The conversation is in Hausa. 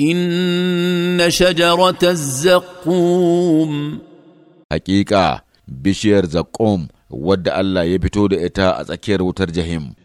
إن شجرة الزقوم حقيقة بشير زقوم ود الله يبتود إتا أذكر وترجهم